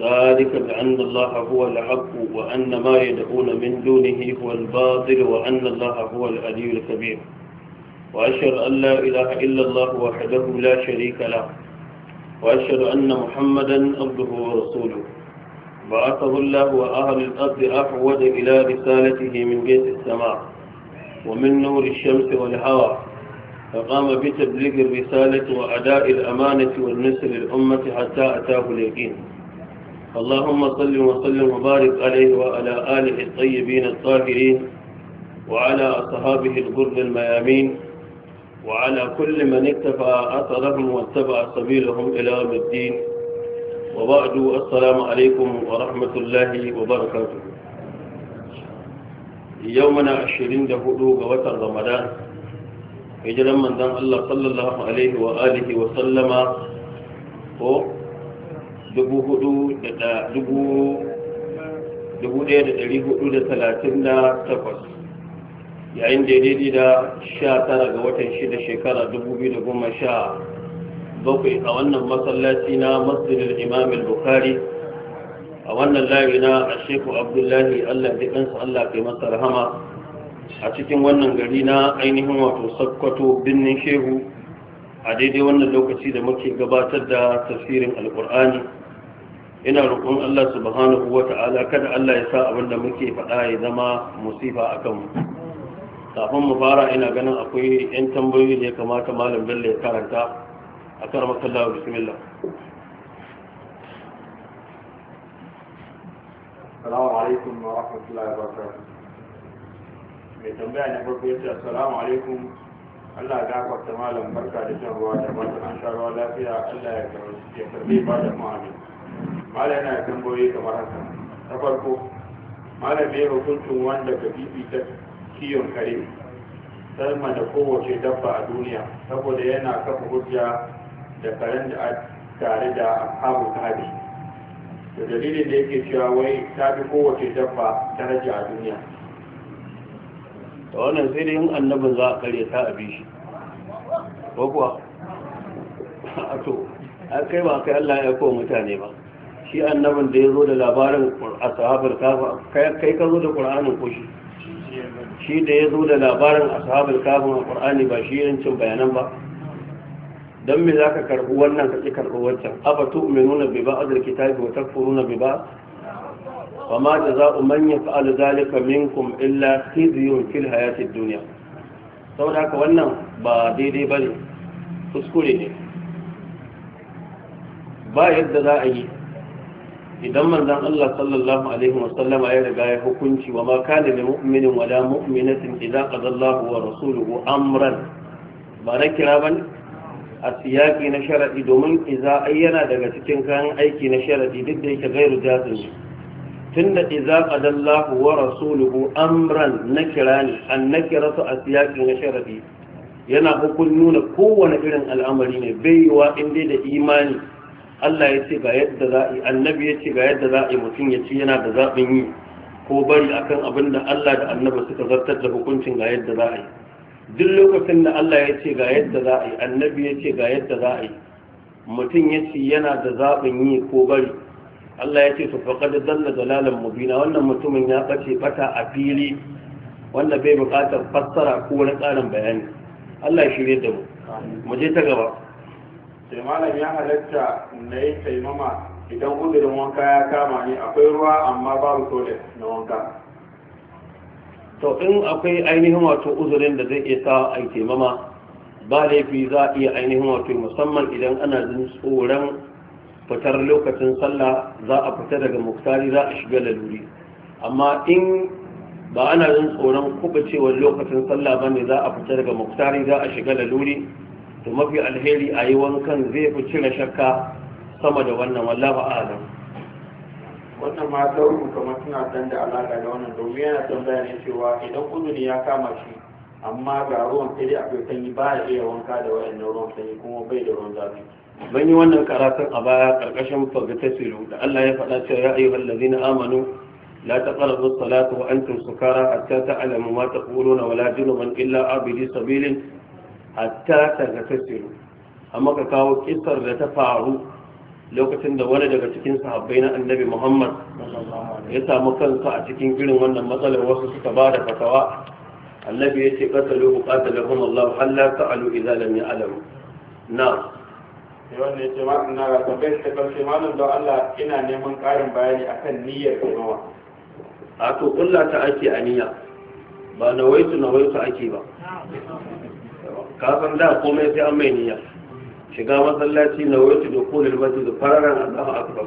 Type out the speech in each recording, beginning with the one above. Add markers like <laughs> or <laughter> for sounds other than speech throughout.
ذلك بأن الله هو الحق وأن ما يدعون من دونه هو الباطل وأن الله هو العلي الكبير وأشهد أن لا إله إلا الله وحده لا شريك له وأشهد أن محمدا عبده ورسوله بعثه الله وأهل الأرض أحوج إلى رسالته من بيت السماء ومن نور الشمس والهواء فقام بتبليغ الرسالة وأداء الأمانة والنسل للأمة حتى أتاه اليقين اللهم صل وسلم وبارك عليه وعلى آله الطيبين الطاهرين وعلى أصحابه الغر الميامين وعلى كل من اكتفى أثرهم واتبع سبيلهم إلى يوم الدين وبعد السلام عليكم ورحمة الله وبركاته يومنا عشرين دهولو قوة رمضان هجرا من دم الله صلى الله عليه وآله وسلم هو dubu hudu da dubu dubu ɗaya da dari hudu da talatin da takwas yayin da daidai da sha tara ga watan shida shekara dubu biyu da goma sha bakwai a wannan masallaci na masjidin imam bukhari a wannan layi na a sheku abdullahi allah da kansa allah kai masa rahama a cikin wannan gari na ainihin wato sakkwato birnin shehu a daidai wannan lokaci da muke gabatar da tafsirin alkur'ani ina roƙon Allah subhanahu wata'ala kada Allah ya sa abin da muke faɗa ya zama musifa a kanmu kafin mu fara ina ganin akwai 'yan tambayoyi da ya kamata malam bello ya karanta a kan makallawa bismillah salamu alaikum wa rahmatullahi wa mai tambaya na farko yace Salamu alaikum Allah ya gafarta malam barka da shan ruwa da fatan an sha ruwa lafiya Allah ya karbi ba da ma'amin mala na tambayoyi kamar haka na farko malam ya hukuncin wanda ka ta kiyon kare salma da kowace dabba a duniya saboda yana kafa hujja da karen da tare da ashabu tabi da dalilin da yake cewa wai ta fi kowace dabba daraja a duniya da wannan sai dai yin annabin za a kare ta abi shi ko kuwa <laughs> a to a kai ba kai Allah ya kowa mutane ba shi annabin da ya zo da labarin ashabar kafa kai ka zo da ƙur'anin ko shi shi da ya zo da labarin ashabar kafa a ƙur'ani ba shi yancin bayanan ba don me za ka karɓi wannan ka ƙi karɓi wancan aba tu umenuna bai ba yi kitabi wa na bai ba ba ma da za man ya fa'alu zalika minkum illa khizyun fil hayatid duniya, saboda haka wannan ba daidai ba ne, kuskure ne ba yadda za a yi idan manzan Allah sallallahu alaihi wa sallama ya riga ya hukunci wa ma kana lil mu'minin wa la mu'minatin idza qada Allah wa rasuluhu amran ba na kira bane a siyaki na sharadi domin idza yana daga cikin kayan aiki na sharadi duk da yake gairu jazim tunda idza qada Allah wa rasuluhu amran na kira ne an kira su a siyaki na sharadi yana hukun nuna kowane irin al'amari ne bai yiwa inda da imani Allah ya ce ga yadda za a yi annabi ya ce ga yadda za a yi mutum ya ce yana da zaɓin yi ko bari akan abin da Allah da annabi suka zartar da hukuncin ga yadda za a yi duk lokacin da Allah ya ce ga yadda za a yi annabi ya ce ga yadda za a yi mutum ya ce yana da zaɓin yi ko bari Allah ya ce su da faqad dalla biyu mubina wannan mutumin ya ɓace ɓata a fili wanda bai buƙatar fassara ko wani ƙarin bayani Allah ya shirye da mu mu je ta gaba sai malam ya halatta na yi taimama idan uzurin wanka ya kama ni akwai ruwa amma babu toilet na wanka to in akwai ainihin wato uzurin da zai iya sa a taimama ba laifi za a iya ainihin wato musamman idan ana jin tsoron fitar lokacin sallah za a fita daga muktari za a shiga laluri amma in ba ana jin tsoron kubacewar lokacin sallah bane za a fita daga muktari za a shiga laluri to mafi alheri a yi wankan zai fi cire shakka sama da wannan wallafa adam wannan ma daurin kamar suna san da alaƙa da wannan domin yana son ne cewa idan uzuri ya kama shi amma ga ruwan sai dai akwai sanyi ba ya iya wanka da wayannan ruwan sanyi kuma bai da ruwan zafi ban yi wannan karatun a baya karkashin fagatasiru da Allah ya faɗa cewa ya ayyuhal ladina amanu لا تقربوا الصلاة وأنتم سكارى حتى تعلموا ما تقولون ولا جنبا إلا عابري سبيل hatta targatasiru amma ka kawo kisar da ta faru lokacin da wani daga cikin sahabbai na annabi muhammad ya samu kansa a cikin irin wannan matsalar wasu suka ba da fatawa annabi ya ce da ƙasalo buƙatalahun allah hallar ta'alu izalam ya alamu na yawan ne ce ma'an na ga tambayar ta karshe malam don allah ina neman ƙarin bayani akan niyyar kaimawa a to ƙulla ta ake a niyya ba nawaitu nawaitu ake ba kafin da komai sai an mai niyya shiga masallaci na wuce da da masu da fararen allahu akbar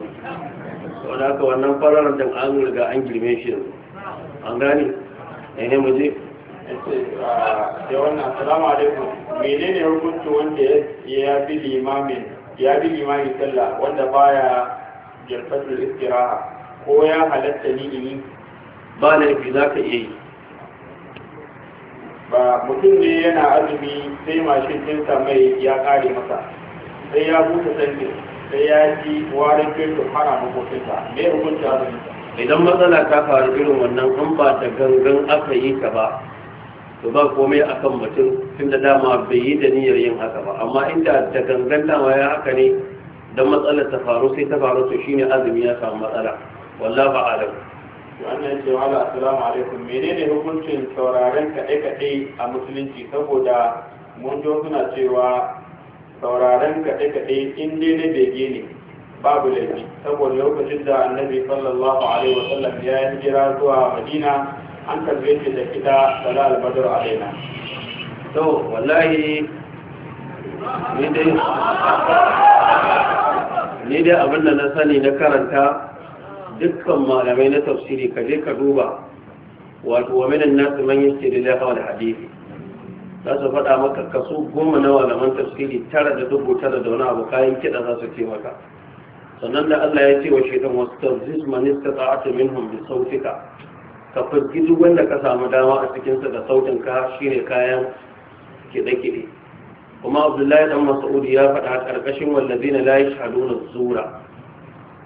sau da aka wannan fararen din an riga an girme shi yanzu an gane ehe mu je da ah, wannan assalamu alaikum menene hukunci wanda ya bi limamin ya bi limamin sallah wanda baya jalfatul istiraha ko ya halatta ni ba laifi za ka iya yi ba mutum ne yana azumi sai mashin ɗinsa mai ya ƙare masa sai ya buta sanke sai ya ji warin fetur hana makokinsa mai hukunci azumi idan matsala ta faru irin wannan an ba ta gangan aka yi ta ba to ba komai akan mutum tun da dama bai yi da niyyar yin haka ba amma inda da gangan dama ya haka ne don matsala ta faru sai ta faru to shine azumi ya samu matsala wallah ba wannan ce wala assalamu alaikum menene hukuncin sauraren kaɗe-kaɗe a musulunci saboda mun ji suna cewa sauraren kaɗe-kaɗe in dai na bege ne babu laifi saboda lokacin da annabi sallallahu alaihi wa sallam ya yi hijira zuwa madina an tarbe shi da kiɗa sala albadar alaina to wallahi ni dai ni dai abin da na sani na karanta dukkan malamai na tafsiri ka je ka duba wato wa minan nasu man da hawa da hadisi za su faɗa maka kaso goma na malaman tafsiri tara da dubu tara da wani abu kayan kiɗa za su ce maka sannan da Allah ya ce wa shaitan wasu tafzis manista ta'ata minhum bi sautika ka fuski duk wanda ka samu dama a cikinsa da sautin ka shine kayan kiɗe-kiɗe kuma abdullahi dan mas'ud ya faɗa a ƙarƙashin wallazina la yashhaduna zura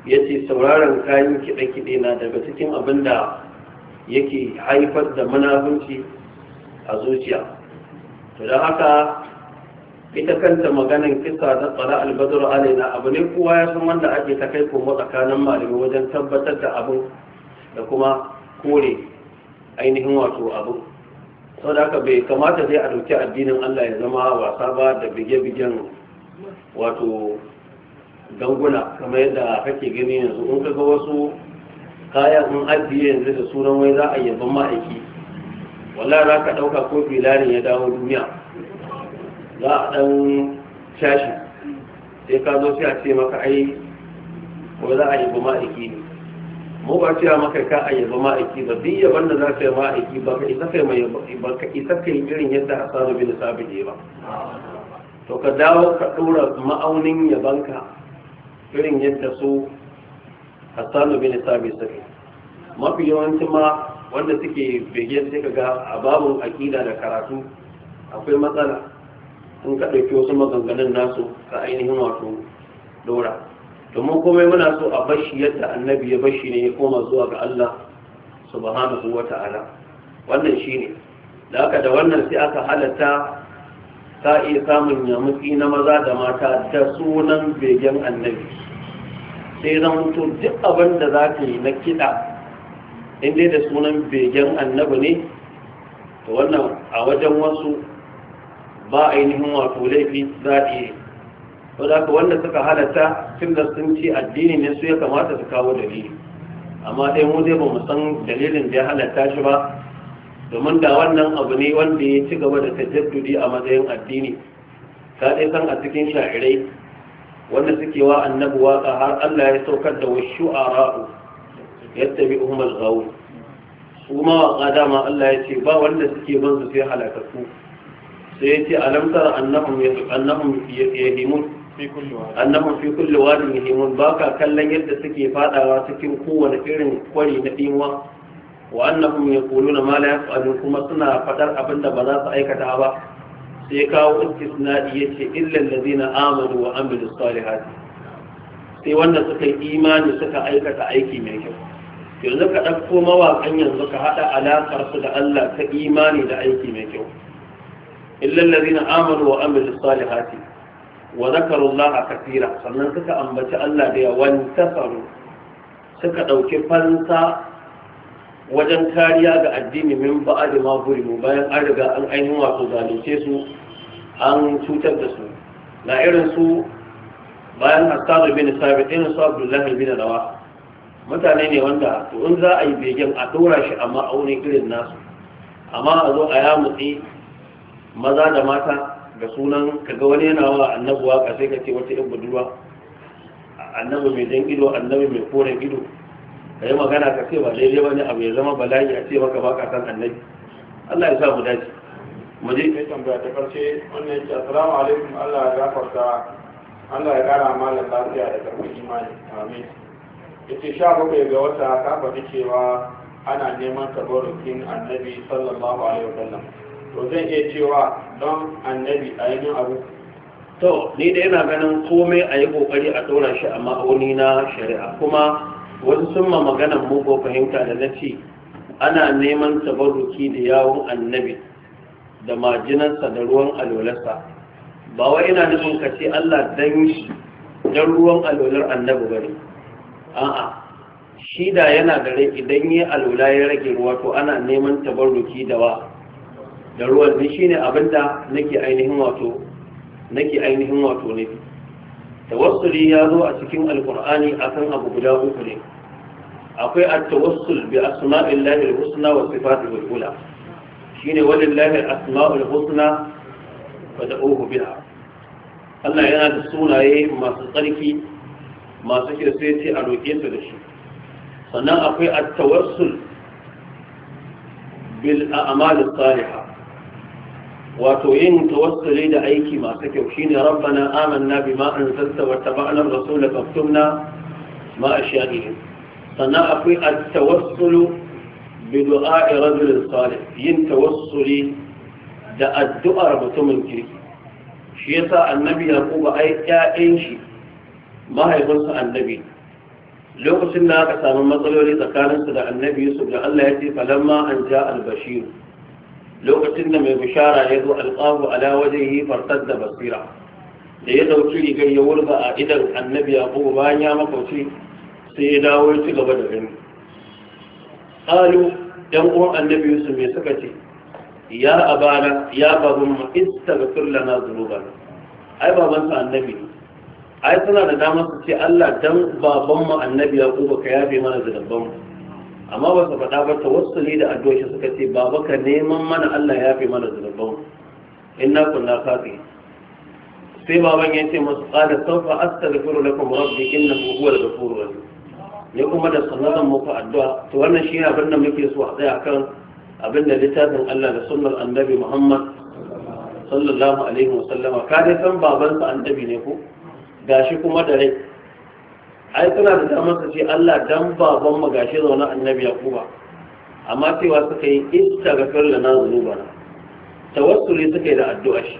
ya ce sauraron kayan kiɗe-kiɗe na daga cikin abin da yake haifar da munafunci a zuciya to da haka ita kanta maganin kisa da tsara albazar alaina abu ne kowa ya san wanda ake ta kai kuma tsakanin malami wajen tabbatar da abin da kuma kore ainihin wato abin sau da haka bai kamata zai a addinin allah ya zama wasa ba da bige-bigen wato ganguna kamar yadda kake gani yanzu in kaga wasu kayan in ajiye yanzu da sunan wai za a yabon ma'aiki wallahi za ka ɗauka ko filarin ya dawo duniya za a ɗan shashi sai ka zo sai a ce maka ai ko za a yabi ma'aiki ne mu ba cewa maka ka a yabi ma'aiki ba duk yaban da za ka yi ma'aiki ba ka isa kai mai ba ka isa kai irin yadda hasanu bin sabi ne ba to ka dawo ka ɗora ma'aunin yabanka irin yadda su hassanu bin sabi mafi yawancin ma wanda suke bege sai ka ga a babun aƙida da karatu akwai matsala Sun ka ɗauki wasu maganganun nasu ka ainihin wato dora domin komai muna so a bashi yadda annabi ya bashi ne ya koma zuwa ga Allah subhanahu wa ta'ala wannan shine da aka da wannan sai aka halatta ta iya samun yamuki na maza da mata da sunan begen annabi sai zamanto duk abin da za ka yi na kiɗa inda da sunan begen annabi ne to wannan a wajen wasu ba ainihin wato laifi za a yi ko ka wanda suka halatta da sun ce addini ne su ya kamata su kawo dalili amma ɗaya mu zai ba mu san dalilin da ya halatta shi ba domin da wannan abu ne wanda ya ci gaba da tajaddudi a matsayin addini ka ɗaya san a cikin sha'irai wanda suke wa annabi waka har Allah ya saukar da wasu ara'u yadda bi umar gawo su mawaƙa dama Allah ya ce ba wanda suke ban su sai halakakku sai ya ce alamtar annahum yahimun annahum fi kulli wadin yahimun ba ka kallon yadda suke fadawa cikin kowane irin kwari na dinwa wa annabin annahum yaquluna ma la yaf'alun kuma suna fadar abinda ba za su aikata ba sai kawo istisnadi yace illal ladina Amadu wa amilus salihati sai wanda suka yi imani suka aikata aiki mai kyau yanzu ka ɗauko mawaƙan yanzu ka haɗa alaƙar su da Allah ta imani da aiki mai kyau illal ladina Amadu wa amilus salihati wa zakaru Allah kathira sannan suka ambaci Allah da yawan tasaru suka ɗauki fansa wajen kariya ga addini min ba'ad ma burimu bayan an riga an ainihin wato zalunce su an cutar da su na irin su bayan hassanu bin sabit irin su abdullahi bin rawa mutane ne wanda to in za a yi begen a dora shi a wurin irin nasu amma a zo a ya mutsi maza da mata ga sunan kaga wani yana wa annabi waka sai ka wata yan budurwa annabi mai dan ido annabi mai koren ido ka yi magana ka ce ba daidai ne abu ya zama bala'i a ce maka baka san annabi Allah ya sa mu dace muje kai tambaya ta karshe wannan yake assalamu alaikum Allah ya gafarta Allah ya kara malam lafiya da karfin imani amin yace sha bakwai ga wata ka faɗi cewa ana neman tabarukin annabi sallallahu alaihi wasallam to zan iya cewa don annabi a yi abu to ni da yana ganin komai a yi kokari a ɗora shi a ma'auni na shari'a kuma wasu sun ma maganan ko fahimta da na ce ana neman tabarruki da yawon annabi da majinansa da ruwan alolarsa ba wai ina nufin ka ce Allah dan shi dan ruwan alolar annabi bane a'a shi da yana da rai idan yi alola ya rage ruwa to ana neman tabarruki da wa da ruwan ne shine abinda nake ainihin wato nake ainihin wato ne tawassuli ya zo a cikin alqur'ani akan abu guda uku ne akwai at-tawassul bi asma'illahi al-husna wa sifatihi al-ula shine walillahi al-asma'ul husna fad'uhu biha Allah yana da sunaye masu tsarki masu kira sai ce a roƙe su da shi sannan akwai at-tawassul bil a'mal as-salihah wato yin tawassuli da aiki masu kyau shine rabbana amanna bima anzalta wa tabana rasulaka faktubna ma ashiyahi sannan akwai at-tawassulu bidu'a'i rajulin salih yin tawassuli da addu'ar mutumin kirki shi yasa annabi yaquba ai ƴaƴan shi mahaifinsa annabi lokacin da aka samu matsaloli tsakaninsu da annabi yusuf da Allah ya ce falamma an ja al lokacin da mai bishara ya zo alqahu ala yi fartar da basira da ya dauki rigar ya wurga a idan annabi kuma bayan ya makauci sai ya dawo ya ci gaba da gani qalu yan uwan annabi yusuf me suka ce ya abana ya baban mu istaghfir lana dhunubana ai baban sa annabi ai suna da damar su ce Allah dan baban mu annabi ya kuba ka yafe mana zunuban amma ba su faɗa ba tawassuli da addu'a suka ce baba ka neman mana Allah ya yafe mana zunuban mu inna kunna kafi sai baban ya ce masu qala sawfa astaghfiru lakum rabbi innahu huwal ghafurur rahim ne kuma da sunna zan muku addu'a Ta wannan shi abin da muke so a tsaya kan abin da littafin Allah da sunnar annabi Muhammad sallallahu alaihi wa ka dai san babansa annabi ne ku? Ga shi kuma da rai ai suna da damar su ce Allah dan baban mu shi zaune annabi ya Yakuba amma cewa suka yi istaghfir lana dhunubana tawassuli suka yi da addu'a shi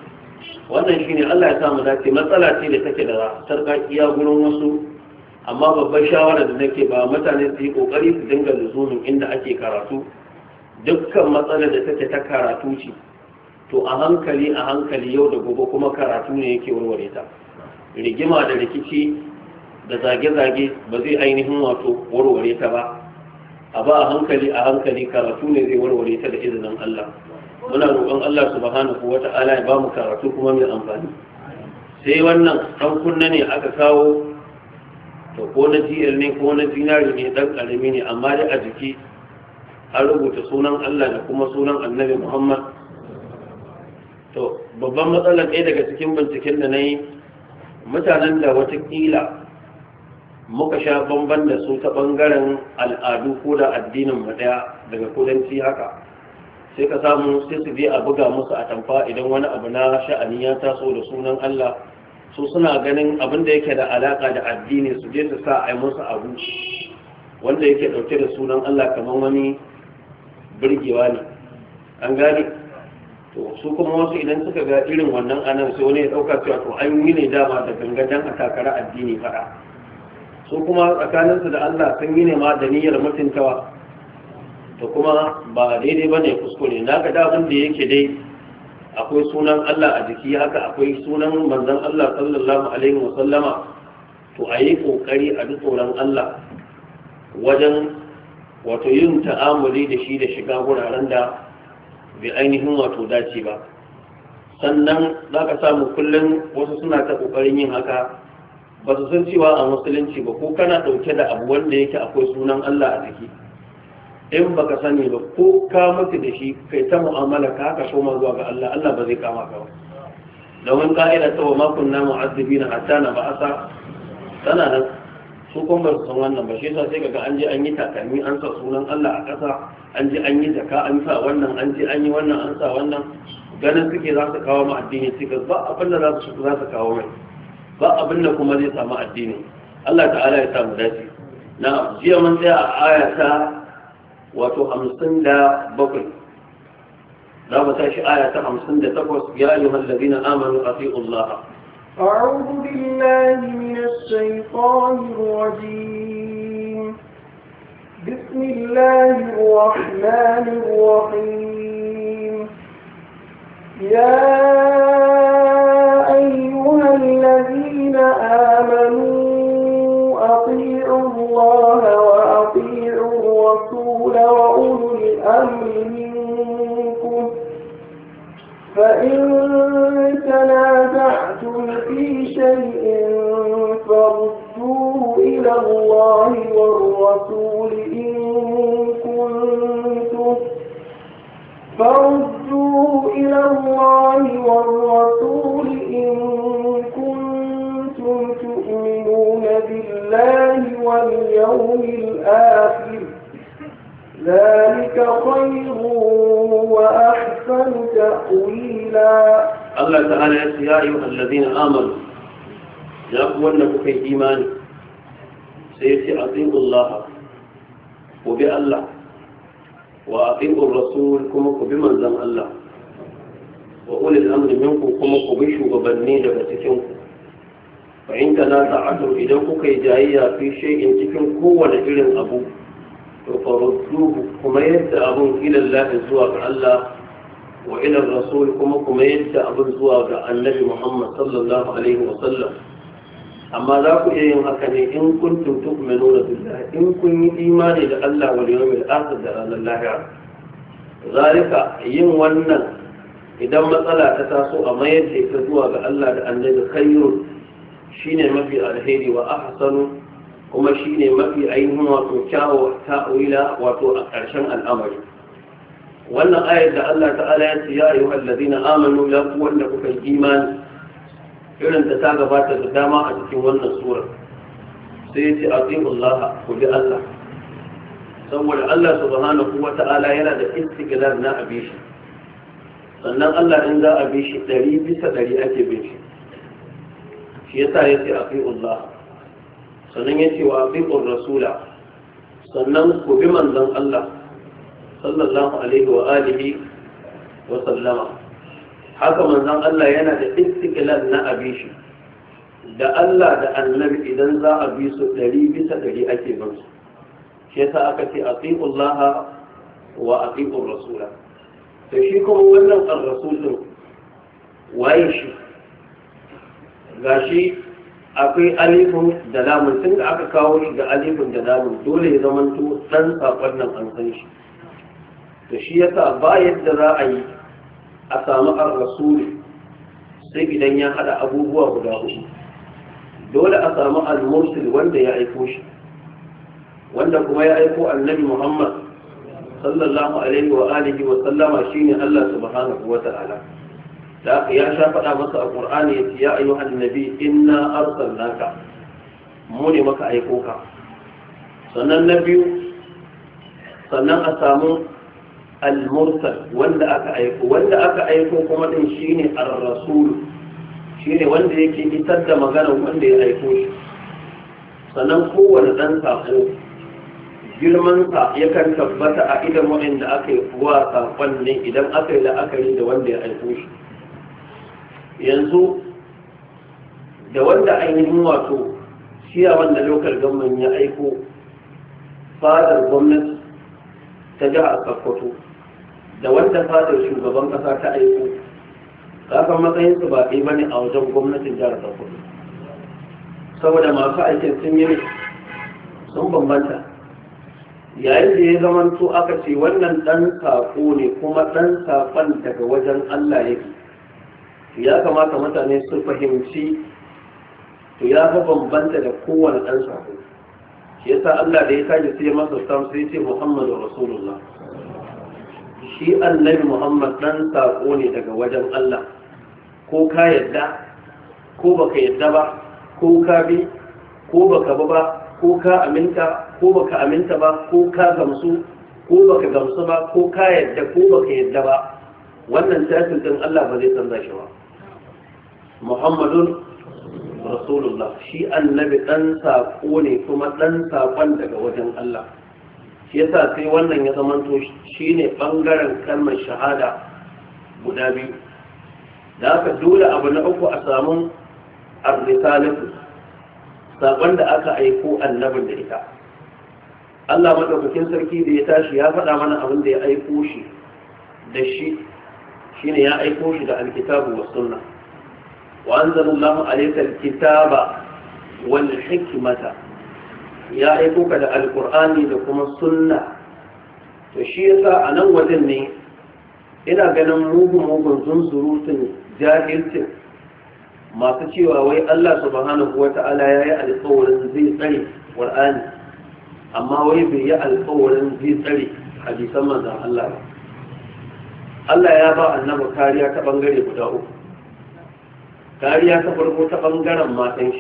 wannan shi ne Allah ya sa mu dace matsala ce da take da sarkakiya gurin wasu amma babban shawara da nake ba mutane su yi kokari su dinga luzumin inda ake karatu dukkan matsalar da take ta karatu ce to a hankali a hankali yau da gobe kuma karatu ne yake warware ta rigima da rikici da zage-zage ba zai ainihin wato warware ta ba a ba a hankali a hankali karatu ne zai warware ta da izinin Allah muna roƙon Allah subhanahu wata'ala ya ba mu karatu kuma mai amfani sai wannan ɗan kunna ne aka kawo to ko na jiyar ne ko na zinari ne dan karami ne amma dai a jiki an rubuta sunan Allah da kuma sunan annabi Muhammad to babban matsalar ɗaya daga cikin binciken da na yi mutanen da watakila muka sha bamban da su ta ɓangaren al'adu ko da addinin mu ɗaya daga kudanci haka sai ka samu sai su bi a buga musu a tamfa idan wani abu na sha'ani ya taso da sunan Allah su suna ganin abin da yake da alaka da addini su je su sa a yi musu abu wanda yake dauke da sunan Allah kamar wani birgewa ne an gani to su kuma wasu idan suka ga irin wannan anan sai wani ya dauka cewa to an yi ne dama da gangan a takara addini fara su kuma tsakaninsu da Allah sun yi ne ma da niyyar mutuntawa to kuma ba daidai bane kuskure na ga da abin da yake dai akwai sunan Allah a jiki haka akwai sunan manzon Allah sallallahu alaihi wa sallama', to a yi kokari a duk tsoron Allah wajen wato yin ta'amuli da shi da shiga wuraren da bai ainihin wato dace ba sannan za ka samu kullum wasu suna ta kokarin yin haka ba su san cewa a musulunci ba ko kana ɗauke da abu wanda yake akwai sunan Allah a jiki in baka sani ba ko ka mutu da shi kai ta mu'amala ka haka so ma zuwa ga Allah Allah ba zai kama ka ba domin ka'ida ta wa makon na mu'azzibina hatta na ba'asa tana nan su kuma ba san wannan ba shi yasa sai kaga an je an yi takalmi an sa sunan Allah a ƙasa an je an yi zaka an sa wannan an je an yi wannan an sa wannan ganin suke za su kawo ma addini suka ba abin da za su za su kawo mai ba abin da kuma zai samu addini Allah ta'ala ya samu dace na jiya mun tsaya a aya ta wato hamsin da bakwai za mu آية aya ta hamsin يا أيها الذين آمنوا hallabi الله أعوذ بالله من الشيطان الرجيم بسم الله الرحمن الرحيم يا أيها الذين آمنوا أطيعوا الله الرسول وأولو الأمر منكم فإن تنازعتم في شيء فردوه إلى الله والرسول إن كنتم فردوه إلى الله والرسول إن كنتم تؤمنون بالله واليوم الآخر ذلك خير وأحسن تأويلا الله تعالى يا أيها الذين آمنوا يا أخوانكم في إيمان سيأتي أطيعوا الله وبالله وأطيعوا الرسول كما بمن زم الله وأولي الأمر منكم كما قبشوا وبنين بسكنكم فإن تنازعتم إذا كي جاية في شيء تكون قوة لجل أبوه to farudduhu kuma yadda abun ila Allah zuwa ga Allah wa ila rasul kuma kuma yadda abun zuwa ga annabi Muhammad sallallahu alaihi wa sallam amma za ku iya yin haka ne in kun kuntum tu'minuna billahi in kun yi imani da Allah wal yawmil akhir da ranar lahira zalika yin wannan idan matsala ta taso a mayar da ita zuwa ga Allah da annabi khairun shine mafi alheri wa ahsanu kuma shi ne mafi ainihin wato kyawo ta'awila wato a ƙarshen al'amari wannan ayar da Allah ta'ala ya ce ya yi na amanu ya fi wanda kuka yi imani irin ta ta gabata da dama a cikin wannan sura sai ya ce azimullah ku bi Allah saboda Allah subhanahu wa ta'ala yana da istigilar na abishi sannan Allah in za a bi shi ɗari bisa ɗari ake bin shi shi yasa ya ce a Allah sannan ya ce wa fiƙon rasula sannan ku bi manzan Allah sallallahu alaihi wa alihi wa sallama haka manzan Allah yana da istiklal na abishi da Allah da annabi idan za a bi su ɗari bisa ɗari ake bin su shi yasa aka ce Laha wa atiqur rasula to shi kuma wannan ar-rasul din waye shi gashi akwai alifin da lamun tun da aka kawo shi da alifin da lamun dole ya zama to san sakon nan an san shi to shi yasa ba yadda za a yi a samu ar-rasul sai idan ya hada abubuwa guda uku dole a samu al-mursil wanda ya aiko shi wanda kuma ya aiko annabi Muhammad sallallahu alaihi wa alihi wa sallama shine Allah subhanahu wa ta'ala da aka ya sha faɗa masa a ƙur'ani ya ce ya ayyu annabi inna arsalnaka mu ne maka aiko ka sannan na biyu sannan a samu al-mursal wanda aka aiko wanda aka aiko kuma din shine ar-rasul shine wanda yake isar da magana wanda ya aiko shi sannan kowane dan sako sa yakan tabbata a idan wa'anda aka yi wa sakon ne idan aka yi la'akari da wanda ya aiko shi yanzu da wanda ainihin wato shiya wanda lokal gamman ya aiko fadar gwamnati ta jihar sokoto da wanda fadar shugaban kasa ta aiko kasan matsayinsu ba ɗaya bane a wajen gwamnatin jihar sokoto saboda masu aikin sun yi sun bambanta yayin da ya zamanto aka ce wannan ɗan saƙo ne kuma ɗan saƙon daga wajen allah yake ya kamata mutane su fahimci to ya ga bambanta da kowane ɗan sako shi sa Allah da ya kaji sai masa sam sai ce Muhammadu Rasulullah shi annabi Muhammad ɗan sako ne daga wajen Allah ko ka yadda ko baka yadda ba ko ka bi ko baka ba ba ko ka aminta ko baka aminta ba ko ka gamsu ko baka gamsu ba ko ka yadda ko baka yadda ba wannan tasirin Allah ba zai canza shi ba muhammadun rasulullah shi annabi dan sako ne kuma dan sakon daga wajen Allah shi yasa sai wannan ya zamanto shine bangaren kalmar shahada guda biyu da aka dole abu na uku a samun arrisalatu sakon da aka aiko annabin da ita Allah madaukakin sarki da ya tashi ya faɗa mana abin da ya aiko shi da shi shine ya aiko shi da alkitabu wa sunna وأنزل الله عليك الكتاب والحكمة يا أيكوك القرآن لكم السنة وشيء أنا ne ina ganin mugun mugun zunzurutun jahilcin masu cewa wai Allah subhanahu wa ta'ala ya yi alkawarin zai tsare Qur'ani amma wai bai yi alkawarin zai tsare hadisan manzon Allah ba Allah ya ba annabi kariya ta ɓangare guda uku kariya ta farko ta bangaren matan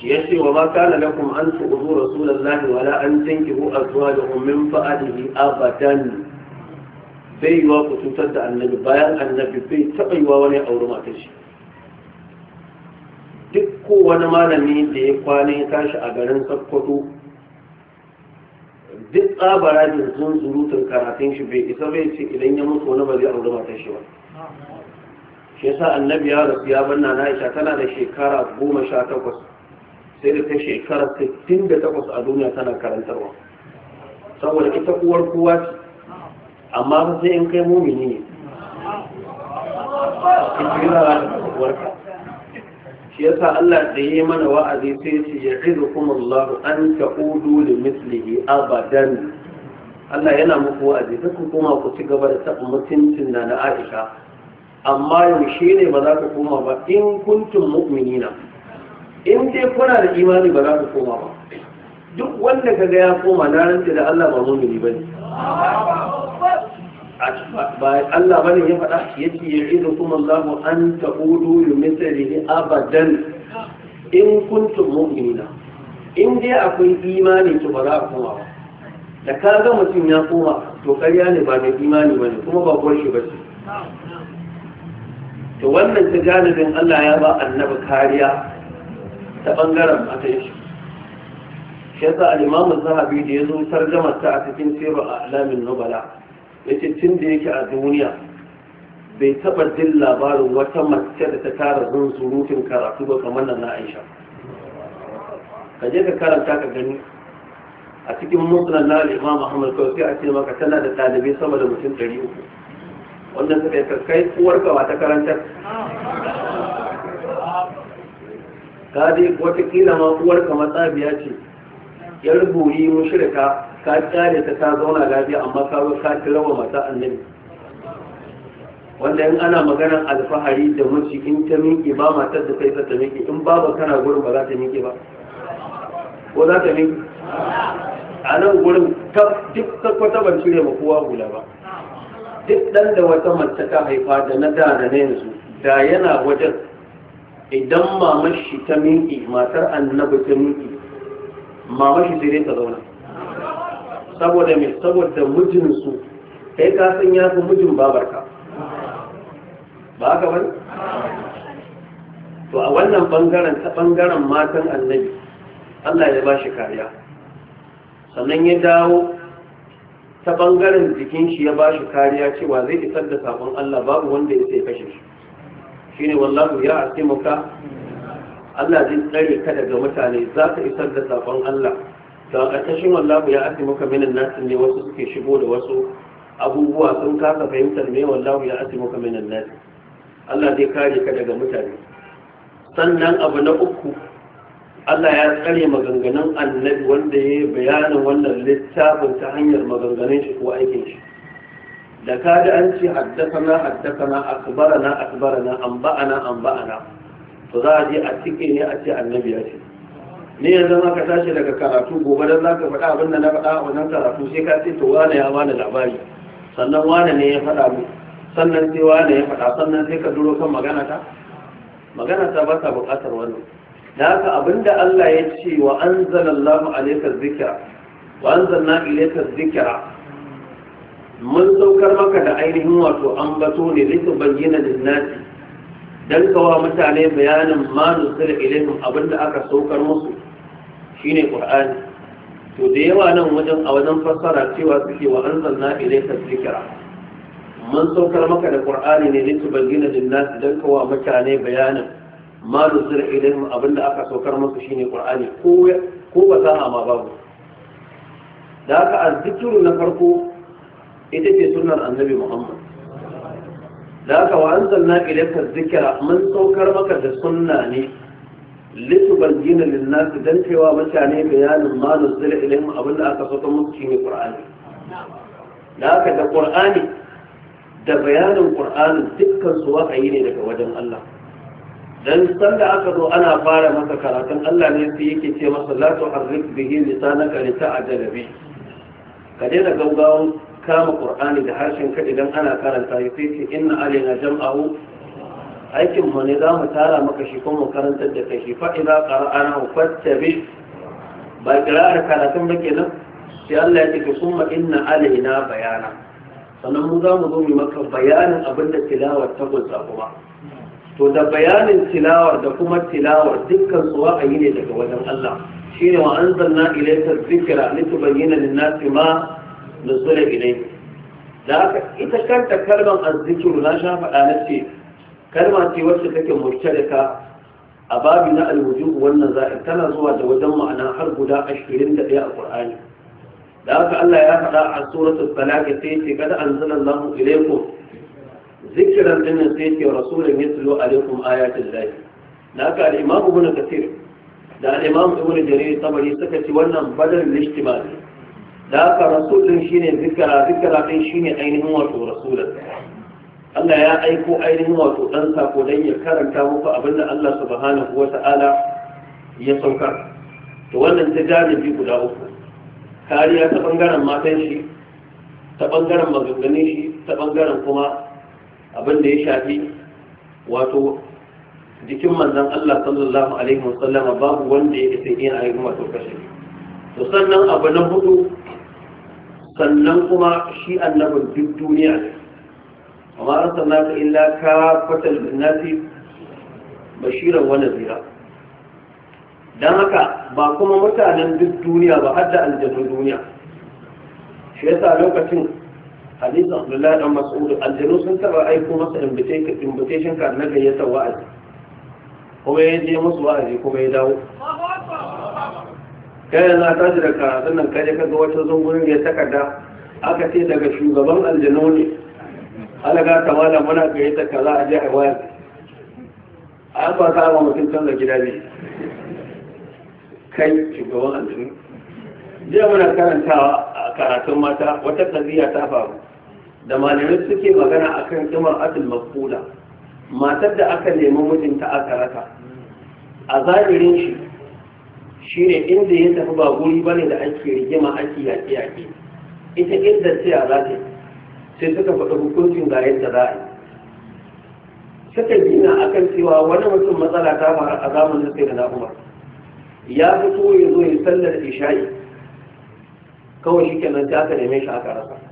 shi ya ce wa maka na lakum an tu'udu rasulullahi wala an tankihu azwajuhum min fa'adihi abadan bai yiwa ku cutar da annabi bayan annabi bai taɓa yiwa wani auri matan shi duk kowane malami da ya kwana ya tashi a garin sakkwato duk tsabara da zunzurutun karatun shi bai isa bai ce idan ya mutu wani ba zai auri matar shi ba shi yasa annabi ya rasu ya banna na Aisha tana da shekara goma sha takwas sai da ta shekara sittin da takwas a duniya tana karantarwa saboda ita uwar kowa ce amma ba sai in kai mumini ne shi yasa Allah da yi mana wa'azi sai ce ya rizu kuma Allah an ta'udu da mislihi abadan Allah yana muku wa'azi ta kuma ku ci gaba da taɓa mutuncin na na Aisha amma yaushe ne ba za ku koma ba in kuntum mu'minina in dai kuna da imani ba za ku koma ba duk wanda ka ga ya koma na rantse da Allah ba mu'mini bane ba Allah bane ya faɗa yace ya'idukum Allahu an ta'udu limithlihi abadan in kuntum mu'minina in dai akwai imani to ba za ku koma ba da ka ga mutum ya koma to karya ne ba da imani bane kuma ba kuwar shi bace to wannan ta janibin Allah ya ba annabi kariya ta bangaren matan shi shi yasa al-Imam Zahabi da yazo tarjamar ta a cikin Sirr a alamin Nubala yace tun da yake a duniya bai taba jin labarin wata mace da ta tara zun surutun karatu ba kamar nan na Aisha ka je ka karanta ka gani a cikin musulun na al-Imam Ahmad kawai sai a ce maka tana da ɗalibai sama da mutum 300 wanda suka yi kai uwarka ba ta karantar ka dai watakila ma ka matsabiya ce yar buri mushirka ka kyale ta ta zauna lafiya amma ka zo ka tilawa mata annabi wanda in ana maganar alfahari da mace in ta miƙe ba matar da kai ta ta miƙe in babu kana gurin ba za ta miƙe ba ko za ta miƙe a nan gurin duk kwata ban cire ma kowa hula ba duk ɗan da wata mace ta haifa da na da da na yanzu da yana wajen idan mamar shi ta minki matar annabi ta minki mamar shi ta zauna saboda mai saboda mijinsu kai ka san ya fi mijin babarka ba ka bari? to a wannan bangaren ta bangaren matan annabi Allah ya ba shi kariya sannan ya dawo ta bangaren jikin shi ya ba shi kariya cewa zai isar da sabon Allah babu wanda ya sai kashe shi shine wallahu ya asimuka Allah zai tsare ka daga mutane za ka isar da sabon Allah to a ƙarƙashin wallahu ya asimuka minan nas ne wasu suke shigo da wasu abubuwa sun kasa fahimtar me wallahu ya asimuka minan nas Allah zai kare ka daga mutane sannan abu na uku Allah ya tsare maganganun annabi wanda ya yi bayanin wannan littafin ta hanyar maganganun shi ko aikin shi da ka ji an ce haddasana haddasana akbarana akbarana amba'ana amba'ana to za a je a cike ne a ce annabi ya ce ne yanzu ka tashi daga karatu gobe dan zaka faɗa abin da na faɗa a wannan karatu sai ka ce to wane ya bani labari sannan wane ne ya faɗa mu sannan sai wane ya faɗa sannan sai ka duro kan magana ta magana ta ba ta buƙatar wannan da haka abinda Allah ya ce wa anzalallahu alayka zikira, wa anzalna ilayka zikira mun saukar maka da ainihin wato ambato ne lika bayyana linnati don kawo mutane bayanin Manu nusul ilayhim abinda aka saukar musu shine qur'ani to da yawa nan wajen a wajen fassara cewa suke wa anzalna ilayka zikira mun saukar maka da ƙur'ani ne lika bayyana linnati don kawo mutane bayanin ma nuzila ilaihim abinda aka saukar musu shine qur'ani ko ko fasaha ma babu da aka azzikiru na farko ita ce sunnar annabi muhammad da haka wa anzalna ilayka dhikra mun saukar maka da sunna ne litubayyana lin-nas dan cewa mutane bayanin ma nuzila ilaihim abinda aka saukar musu shine qur'ani da haka da qur'ani da bayanin qur'ani dukkan su wahayi ne daga wajen Allah dan sanda aka zo ana fara masa karatun Allah ne sai yake ce masa la tuharrik bihi lisanaka li ta'jala bi ka daina gaugawan kama qur'ani da harshen ka idan ana karanta ya sai ce inna alaina jam'ahu aikin mu ne za mu tara maka shi kuma mu karantar da kai shi fa idza qara'ana fattabi ba qira'ar karatun ba kenan sai Allah ya ce kuma inna alaina bayana sannan mu za mu zo mu maka bayanin abinda da tilawar ta gunsa kuma to da bayanin tilawar da kuma tilawar dukkan su yi ne daga wajen Allah shine wa anzalna ilayka dhikra litubayyana lin-nasi ma nuzila ilayhi da haka ita kanta kalmar azzikiru na sha faɗa na ce kalma ce wacce take mushtarika a babi na alwujuhu wannan za'ir tana zuwa da wajen ma'ana har guda ashirin da ɗaya a ƙur'ani da haka Allah ya faɗa a suratul talaq sai ce kada anzalallahu ilaykum zikiran dinnan sai ke rasulun a alaikum ayatul lahi na aka al-imam ibn da al-imam ibn jarir tabari suka ci wannan badal ijtima ne da aka rasulun shi ne zikira zikira din ne ainihin wato rasulun Allah ya aiko ainihin wato ɗan sako don ya karanta muku abinda Allah subhanahu ta'ala ya saukar to wannan ta biyu guda uku kariya ta ɓangaren matan shi ta ɓangaren maganganun shi ta ɓangaren kuma abin da ya shafi wato jikin manzan Allah sallallahu alaihi wasallama babu wanda ya isa iya ayi masu kashe to sannan abu na hudu sannan kuma shi annabin duk duniya ne amma arsalna ka illa ka fatal nasi bashiran wani zira Don haka ba kuma mutanen duk duniya ba har da aljannu duniya shi yasa lokacin hadisin abdullahi dan mas'ud aljanu sun taba aiko masa invitation card na gayyata wa'azi kuma ya je musu wa'azi kuma ya dawo kai na tashi da karatun nan kaje kaga wata zungurin ya takarda aka ce daga shugaban aljanu ne alaga ta mala muna gayyata kaza a je a wa'azi an ba ta mutum canza gida ne kai shugaban aljanu jiya muna karantawa a karatun mata wata kaziya ta faru da malamai suke magana akan kimar atul makula matar da aka nemi mijinta aka raka a zahirin shi shine inda ya tafi ba guri bane da ake rigima ake yaƙe yaƙe ita inda tsaya za ta sai suka faɗi hukuncin ga yadda za a yi suka gina akan cewa wani mutum matsala ta faru a zamanin sai da na umar ya fito ya zo ya sallar isha'i kawai shi kenan ta aka neme shi aka rasa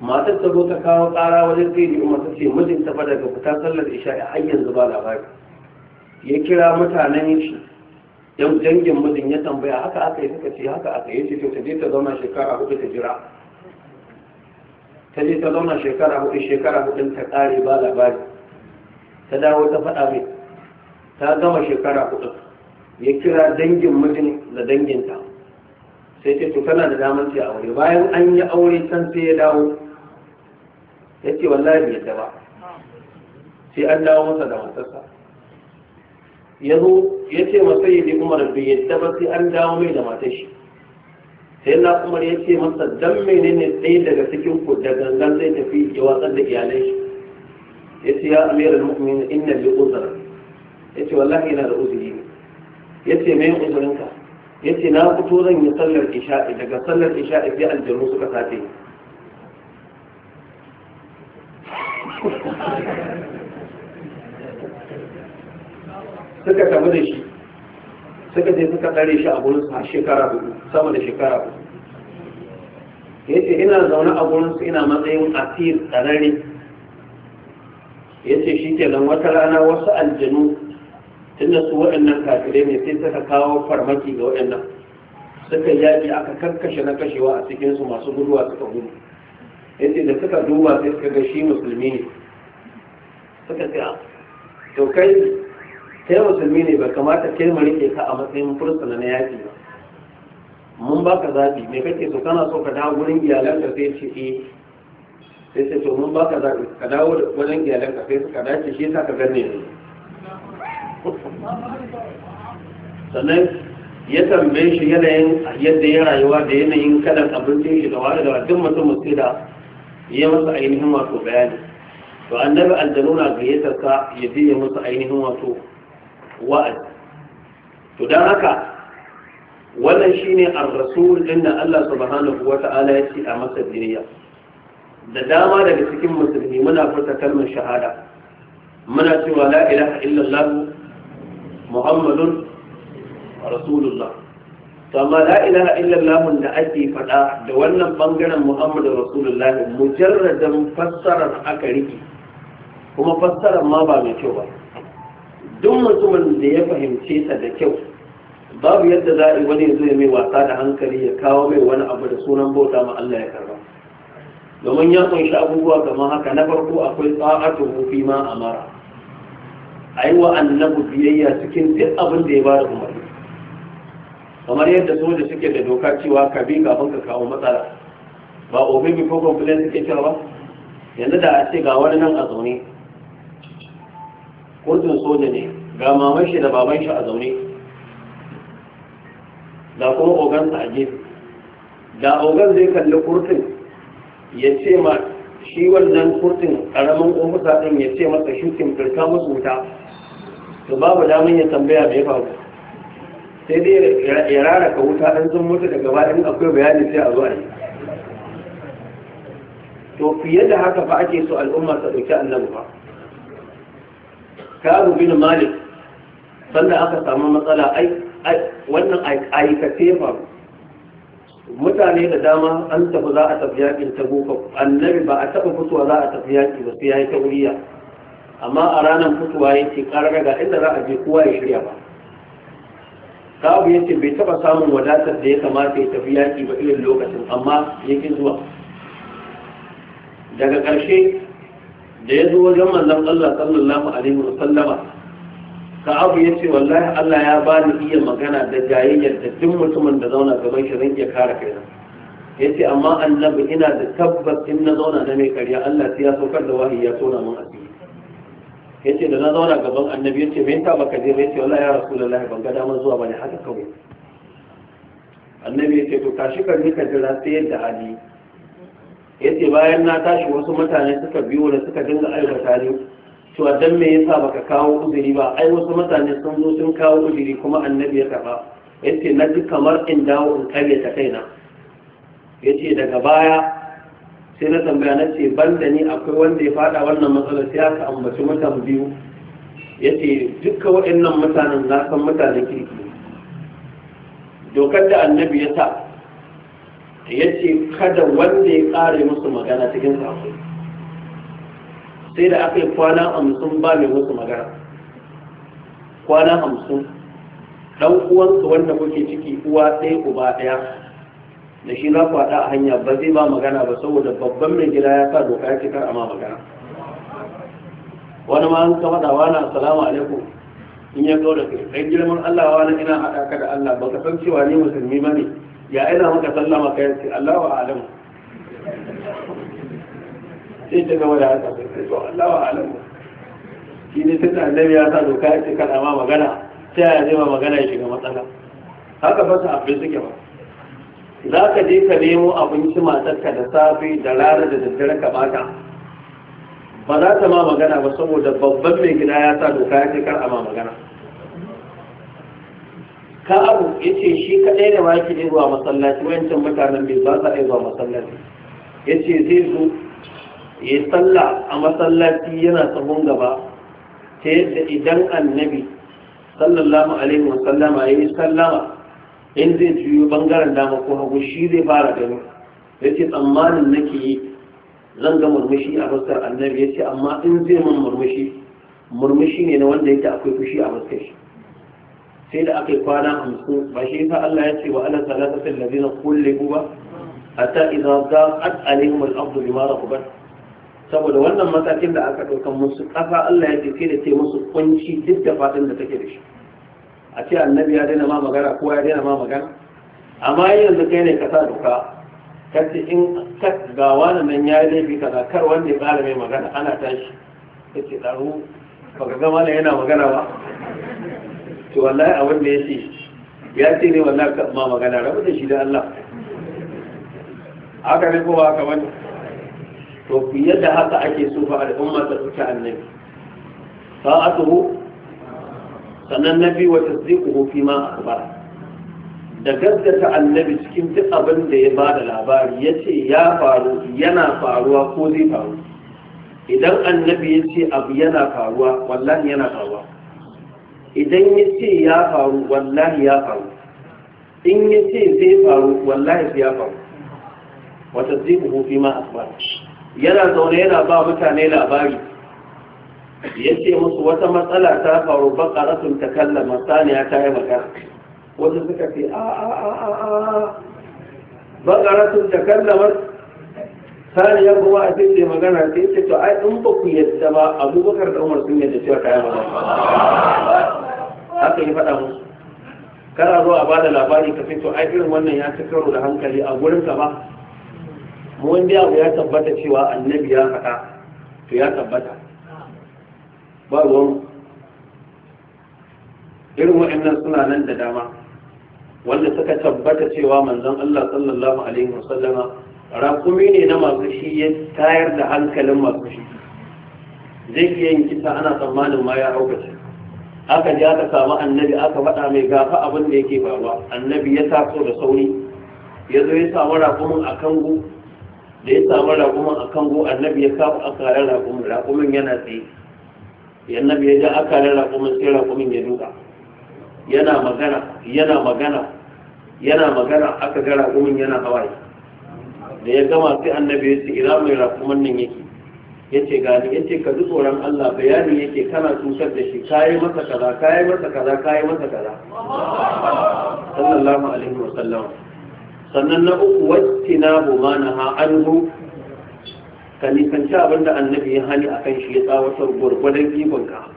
matar ta zo ta kawo ƙara wajen zai da umar ce mijin mijinta fada ga fita sallar isha'i a hanyar ba labari ya kira mutanen shi yan dangin mijin ya tambaya haka aka yi suka ce haka aka yi ce to ta je ta zauna shekara hudu ta jira ta je ta zauna shekara hudu shekara hudu ta ƙare ba labari ta dawo ta faɗa mai ta gama shekara hudu ya kira dangin mijin da danginta sai ce to da damar ce aure bayan an yi aure can sai ya dawo ya ce wallahi bai yadda ba sai an dawo masa da matarsa ya zo ya ce masa yi umar bai yadda ba sai an dawo mai da matar shi sai na umar ya ce masa dan ne ɗaya daga cikin ku da gangan zai tafi ya watsar da iyalai shi ya ce ya amiral mu'min inna bi uzra ya ce wallahi yana da uzuri ne ya ce mai uzurinka ya ce na fito zan yi sallar isha'i daga sallar isha'i sai aljanu suka sace ni suka tafi da shi suka je suka tsare shi a gurinsu a shekara hudu sama da shekara hudu ya ce ina zaune a gurinsu ina matsayin asir tsarari ya ce shi nan wata rana wasu aljanu tunda su waɗannan kafirai ne sai suka kawo farmaki ga waɗannan suka yaƙi aka karkashe na kashewa a cikinsu masu guduwa suka gudu yace da suka duba sai suka ga shi musulmi ne suka ce ah, to kai kai musulmi ne ba kamata kai mu rike ka a matsayin fursuna na yaki ba mun baka zafi me kake so kana so ka dawo gurin iyalanka sai ce eh sai ce to mun baka zafi ka dawo wajen iyalanka sai suka dace shi yasa ka ganne ne sannan ya tambaye shi yanayin yadda ya rayuwa da yanayin kalan abincin shi da wani da duk mutum mutum da ya masa ainihin wato bayani to annabi aljanu na gayyatar ka ya je masa ainihin wato wa'azi to dan haka wannan shine ar-rasul din da Allah subhanahu wata'ala ya ce a masa duniya da dama daga cikin musulmi muna furta kalmar shahada muna cewa la ilaha illallah muhammadun rasulullah to amma la ilaha illallah da ake faɗa da wannan bangaren muhammadu rasulullahi mujarradan fassarar aka riki kuma fassarar ma ba mai kyau ba duk mutumin da ya fahimce ta da kyau babu yadda za a wani zai mai wasa da hankali ya kawo mai wani abu da sunan bauta ma Allah ya karba domin ya kunshi abubuwa kamar haka na farko akwai tsa'atu fi ma A yi wa annabi biyayya cikin duk abin da ya bada umarni kamar yadda soja suke da doka cewa ka bi gaban ka kawo matsala ba obi bi ko complain suke cewa ba yanzu da a ce ga wani nan a zaune kotun soja ne ga maman shi da baban shi a zaune da kuma sa a gefe da ogan zai kalli kurtin ya ce ma shi wannan kurtin karamin ofisa din ya ce masa shi firka musu wuta to babu damin ya tambaya bai faru sai dai ya rara ka wuta an sun mutu daga bayan akwai bayani sai a zuwa yi to fiye da haka fa ake so al'umma ta ɗauki annabi ba karu bin malik sannan aka samu matsala wannan aikace fa mutane da dama an tafi za a tafi yaƙin ta gofa annabi ba a taɓa fitowa za a tafi yaƙi ba sai ya yi ta wuriya amma a ranar fitowa ya ce ƙarar ga inda za a je kowa ya shirya ba kawo ya bai taba samun wadatar da ya kamata ya tafi yaki ba irin lokacin amma yake zuwa daga ƙarshe da ya zo wajen manzon Allah sallallahu alaihi wa sallama ka abu ya ce wallahi Allah ya ba ni iya magana da jayayyar da duk mutumin da zauna gaban shi zan iya kare na ya ce amma annabi ina da tabbas in na zauna na mai karya Allah sai ya saukar da wahayi ya tona mun asiri ya ce da na zauna gaban annabi ya ce mai ta maka zai mai ce wallahi ya rasu da ban ga damar zuwa bane haka kawai annabi ya ce to tashi ka ka jira sai yadda hali ya ce bayan na tashi wasu mutane suka biyo da suka dinga aibata ne a dan me yasa baka kawo uzuri ba ai wasu mutane sun zo sun kawo uzuri kuma annabi ya karba ya ce na ji kamar in dawo in ta kaina ya ce daga baya sai na tambaya na ce ban da ni akwai wanda ya fada wannan matsala sai aka ambaci mutan biyu ya ce dukkan waɗannan mutanen na san mutanen kirki dokar da annabi ya sa ya ce kada wanda ya ƙare musu magana cikin safi sai da aka yi kwana hamsin ba mai musu magana kwana hamsin ɗan uwansu wanda kuke ciki uwa ɗaya uba ɗaya da shi za ku haɗa a hanya ba zai ba magana ba saboda babban mai gida ya sa doka ya cikar amma magana wani ma an ka faɗa wani assalamu alaikum in ya kawo da kai kai girman Allah wani ina haɗa ka da Allah ba ka san cewa ni musulmi ba ne ya ina maka sallama kai sai Allah wa alamu sai ta gama da haka sai to Allah wa alamu shi ne ta annabi ya sa doka ya cikar amma magana sai ya zai magana ya shiga matsala haka ta abin suke ba za ka je ka nemo abinci matarka da safe da rana da daddare ka baka ba za ta ma magana ba saboda babban mai gida ya sa doka ya ce kar a ma magana ka abu ya ce shi kaɗai da waki ne zuwa masallaci wancan mutanen bai ba sa zuwa masallaci ya ce zai zo ya salla a masallaci yana sabon gaba ta yadda idan annabi sallallahu alaihi wasallama ya yi sallama in zai juyo bangaren dama ko hagu shi zai fara gani ya ce tsammanin nake yi zan ga murmushi a fuskar annabi ya ce amma in zai mun murmushi murmushi ne na wanda yake akwai fushi a fuskar shi sai da aka yi kwana hamsin ba shi yasa Allah ya ce wa ala salata fil ladina kullu ba hatta idza zaqat alaihim al-ardu bima rahabat saboda wannan matakin da aka ɗauka musu kafa Allah ya ce sai da ce musu kunci duk da fatan da take da shi a ce annabi ya daina ma magana ko ya daina ma magana amma yanzu kai ne ka sa doka kace in ga wani nan ya yi laifi kaza kar wanda ya ƙara mai magana ana tashi kace ɗaru ba ka gama da yana magana ba to wallahi abin da ya ce ya ce ne wallahi ka ma magana rabu da shi da Allah haka ne kowa haka wani to yadda haka ake so fa al'umma ta tsuta annabi sa'atuhu sannan na biyu wata zikuhu fi ma akbar da gaskata annabi cikin duk abin da ya bada labari ya ce ya faru yana faruwa ko zai faru idan annabi ya ce abu yana faruwa wallahi yana faruwa idan ya ce ya faru wallahi ya faru in ya ce zai faru wallahi ya faru wata zikuhu fi ma akbar yana zaune yana ba mutane labari yace musu wata matsala ta faru ta kallama, saniya ta yi magana wasu suka ce a a a a ta takallamat saniya kuma a cikin magana ta yi to ai in ba ku yadda ba abubakar da umar sun yadda cewa ta yi magana haka yi faɗa mu. kana zuwa ba da labari ka to ai irin wannan ya ci karo da hankali a gurin ka ba mu wanda ya tabbata cewa annabi ya faɗa to ya tabbata ba ruwan irin wa'annan suna nan da dama wanda suka tabbata cewa manzon Allah sallallahu alaihi wasallama rakumi ne na masu shi ya tayar da hankalin masu shi zai iya yin kisa ana tsammanin ma ya haukace aka ji aka samu annabi aka faɗa mai gafa abin da yake faruwa annabi ya taso da sauri ya zo ya samu rakumin a kango da ya samu rakumin a kango annabi ya kafa a karen rakumin rakumin yana tsaye annabi ya ji akalar raƙumin sai raƙumin ya duka yana magana yana magana yana magana aka ga raƙumin yana hawaye da ya gama sai annabi ya ce ina mai raƙumin nan yake ya ce gani ya ce ka ji tsoron Allah bayani yake kana cutar da shi kayi masa kaza kayi masa kaza kayi masa kaza sallallahu alaihi wa sallam sannan na uku wacce na bumana ha anhu ka nisanci abin da annabi ya hani a kan shi ya tsawatar gwargwadon ikonka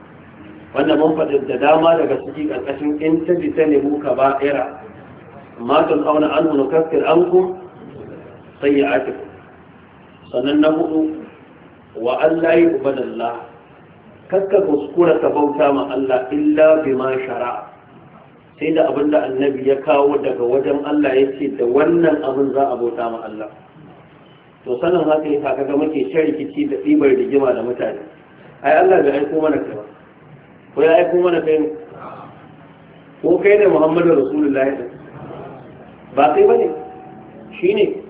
wannan mun faɗi da dama daga ciki ƙarƙashin in ta ji ta nemo ka ba ira matan auna an hunu kafir an ku sai ya ake sannan na hudu wa Allah yi ubadallah kakka kuskura ka bauta ma Allah illa bi ma shara sai da abin da annabi ya kawo daga wajen Allah ya ce da wannan abin za a bauta ma Allah to sanin haka ya sa kaga muke shan rikici da tsibar rigima da mutane ai Allah bai aiko mana kai ba ko ya aiko mana kai ko kai ne Muhammadu Rasulullahi ba kai bane shine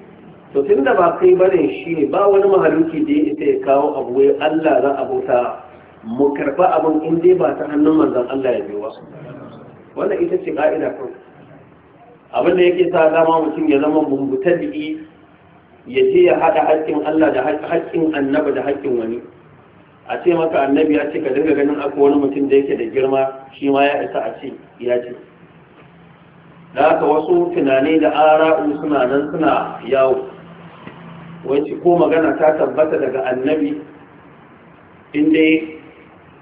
to tun da ba kai bane shine ba wani mahaluki da ya isa ya kawo abu ya Allah za a bauta mu karba abin in dai ba ta hannun manzon Allah ya biyo wannan ita ce ka'ida kawai abin da yake sa dama mutum ya zama bumbutar da'i ya ce ya haɗa haƙƙin Allah da haƙƙin annaba da haƙƙin wani a ce maka annabi ya ce ka dinga ganin akwai wani mutum da yake da girma shi ma ya isa a ce ya ce da haka wasu tunani da ara'u suna nan suna yawo wacce ko magana ta tabbata daga annabi inda